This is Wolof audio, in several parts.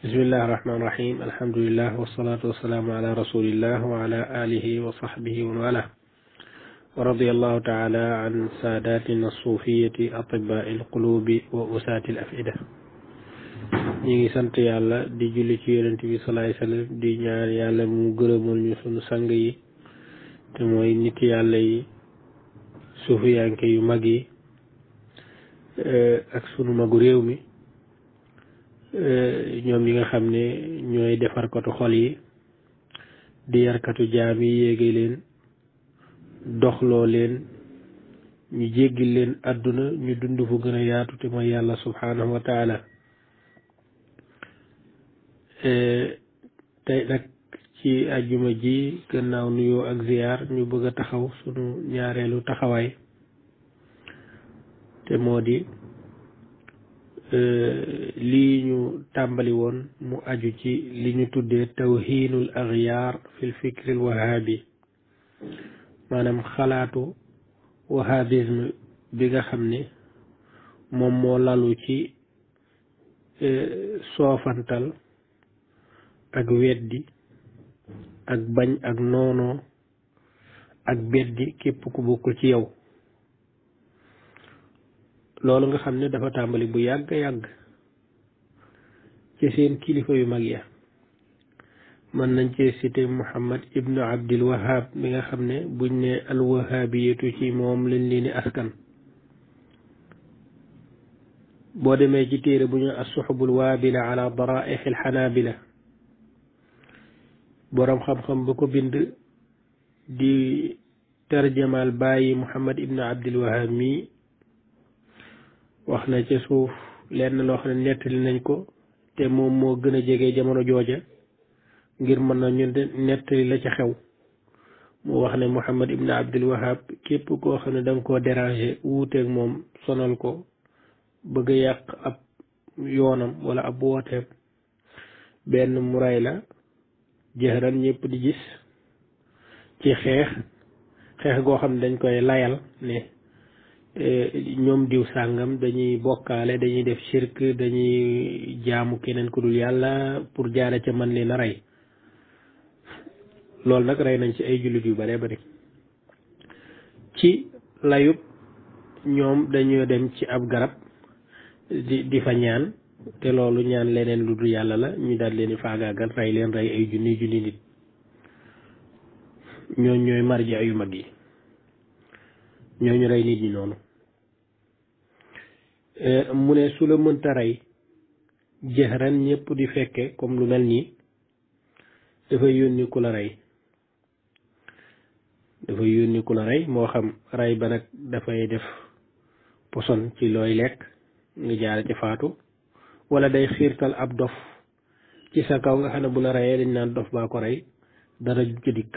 bismillahi rahmaani rahim alhamdulilah wasalaatu wasalaamu ala rasulillah wa ala alihi wa sahbihi wa man wala wa radiallahu taala an saadatina suufiyati atibai alqulubi wa usaati alafida ñu ngi sant yàlla di julli ci yonent bi salaay sallam di ñaan yàlla mu gërëmal ñu sunu sang yi te mooy nit yàlla yi suufiyanke yu mag yi eh, ak sunu magu réew mi Euh, ñoom yi nga xam ne ñooy defarkatu xol yi di yarkatu jaam yi yéege leen doxloo leen ñu jéggil leen àdduna ñu dund fu gën a yaatu te mooy yàlla subhaanahu wa taala euh, tey nag ci àjjuma ji gannaaw nuyoo ak ziyaar ñu bëgg a taxaw sunu ñaareelu taxawaay te moo di lii ñu tàmbali woon mu aju ci li ñu tuddee tawhiinul aghyar fil fikril wahaabi maanaam xalaatu wahabisme bi nga xam ne moom moo lalu ci e, soofantal ak weddi ak bañ ak noonoo ak beddi képp ku bokkul ci yow loolu nga xam ne dafa tàmbali bu yàgg yàgg ci seen kilifa yu mag ya mën nañ ci cité Muhammad ibnu Abdil mi nga xam ne buñ ne alwahabiyatu ci moom lañ leen askan boo demee ci téere bu ñu assuxubul waabila ala daraix alxanaabila boroom xam-xam ba ko bind di tarjamaal bàyyi Muhammad ibnu Abdil Wahab mi wax na ca suuf lenn loo xam ne nettali nañ ko te moom moo gën a jege jamono jooja ngir mën na nañu nettali la ca xew mu wax ne Muhammad ibn Abdul Wahab képp goo xam ne danga koo déranger wuuteeg moom sonal ko bëgg yàq ab yoonam wala ab wooteem benn mu ray la jëxëran ñëpp di gis ci xeex xeex goo xam ne dañ koy layal ne Eh, ñoom diw sàngam dañuy bokkaale dañuy def shirk dañuy jaamu keneen ku dul yàlla pour jaare ca man leen a rey loolu nag rey nañ ci ay jullit yu bare bari ci layub ñoom dañoo dem ci ab garab di di fa ñaan te loolu ñaan leneen lu dul yàlla la ñu daal leen di faagaagal rey leen rey ay junni junni nit ñooñ ñooy marja yu mag yi ñooñu rey nit ñi noonu euh, mu ne su la mënta rey jëxran ñëpp di fekke comme lu mel nii dafay yónni ku la rey dafay yónni ku la rey moo xam rey ba nag dafay def poson ci looy lekk nga jaare ci faatu wala day xiirtal ab dof ci sa kaw nga xam ne bu la reyee dañ naan dof baa ko rey dara ju dikk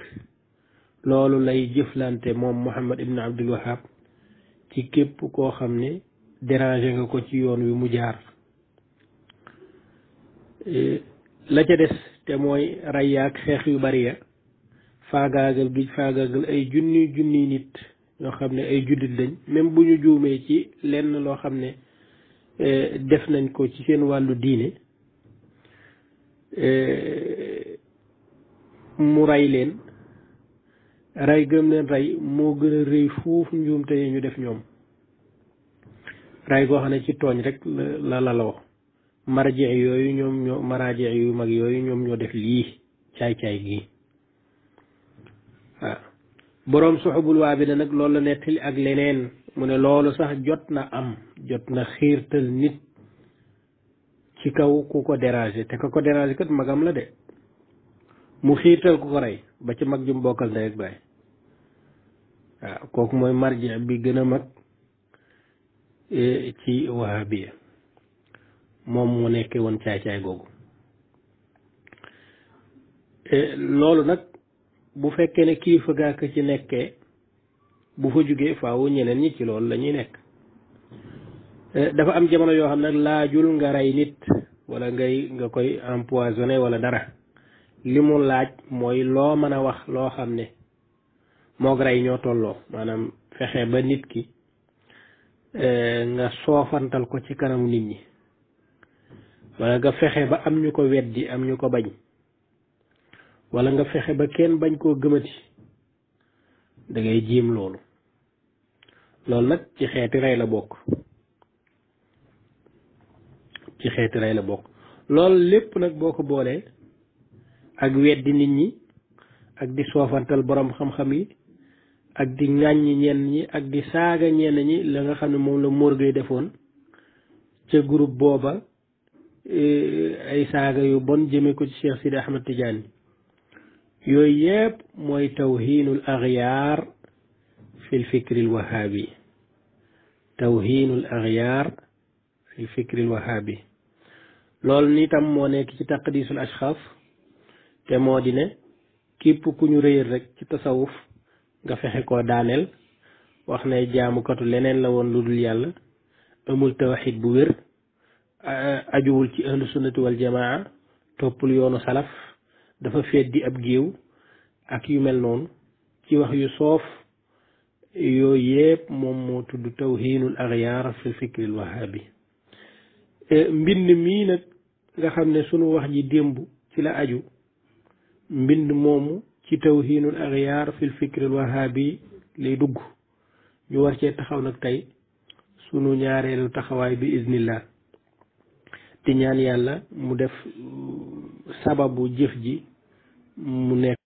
loolu lay jëflante moom Muhammad ibn Abdul Wahab ci képp koo xam ne dérangé nga ko ci yoon wi mu jaar e, la ca des te mooy rey ak xeex yu bari ya faagaagal ay junni junni nit ñoo xam ne ay jullit lañ même bu ñu juumee ci lenn loo xam ne e, def nañ ko ci seen wàllu diine e, mu ray leen rey gëm leen rey moo gën a rëy foofu njuumte yi ñu def ñoom rey goo xam ne ci tooñ rek la la la wax marajee yooyu ñoom ñoo yu mag yooyu ñoom ñoo def lii caay caay gii waaw boroom soxobul waa bi da nag loolu la nettali ak leneen mu ne loolu sax jot na am jot na xiirtal nit ci kaw ku ko déranger te ka ko déranger kat magam la de mu xiirtal ku ko rey ba ci mag jum bokkal ndey ak baay waaw kooku mooy marja bi gën a mag e, ci wahabiya moom moo nekkee woon caay-caay googu e, loolu nag bu fekkee ne kilifa gaa ka ci nekkee bu fa jugee faaw ñeneen ñi ci loolu la ñuy nekk e, dafa am jamono yoo xam nag laajul nga rey nit wala ngay nga koy empoisonné wala dara li mu laaj mooy loo mën a wax loo xam ne moog rey ñoo tolloo maanaam fexe ba nit ki eh, nga soofantal ko ci kanamu nit ñi wala nga fexe ba am ñu ko weddi am ñu ko bañ wala nga fexe ba kenn bañ koo gëmati da ngay jiim loolu loolu nag ci xeeti rey la bokk ci xeeti rey la bokk loolu lépp nag boo ko boolee ak weddi nit ñi ak di soofantal boroom xam-xam yi ak di ñi ñenn ñi ak di saaga ñenn ñi la nga xam ne moom la Mor gay defoon ca groupe booba eh, ay saaga yu bon jëmee ko ci Cheikh Sidi Ahmed Tidiane yooyu yëpp mooy tawhiinul axyaar fil fikril wahaabi tawhiinul axyaar fil fikril wahaabi loolu nitam moo nekk ci taqdiisul ashxaaf te moo di ne képp ku ñu réyal rekk ci tasawuf nga fexe ko daaneel wax ne jaamukatu leneen la woon lu dul yàlla amul tawxid bu wér ajuwul ci ahlu sunnati jamaa toppul yoonu salaf dafa feddi ab géew ak yu mel noonu ci wax yu soof yooyu yëpp moom moo tudd tawhiinul agyaar fi fikril wahaabi e, mbind mii nag nga xam ne sunu wax ji démb ci la aju mbind moomu ci tawhiinul axyaar fil fikril wahaabi lay dugg ñu war cee taxaw nag tey sunu ñaareelu taxawaay bi iznillah di ñaan yàlla mu def sababu jëf ji mu nekk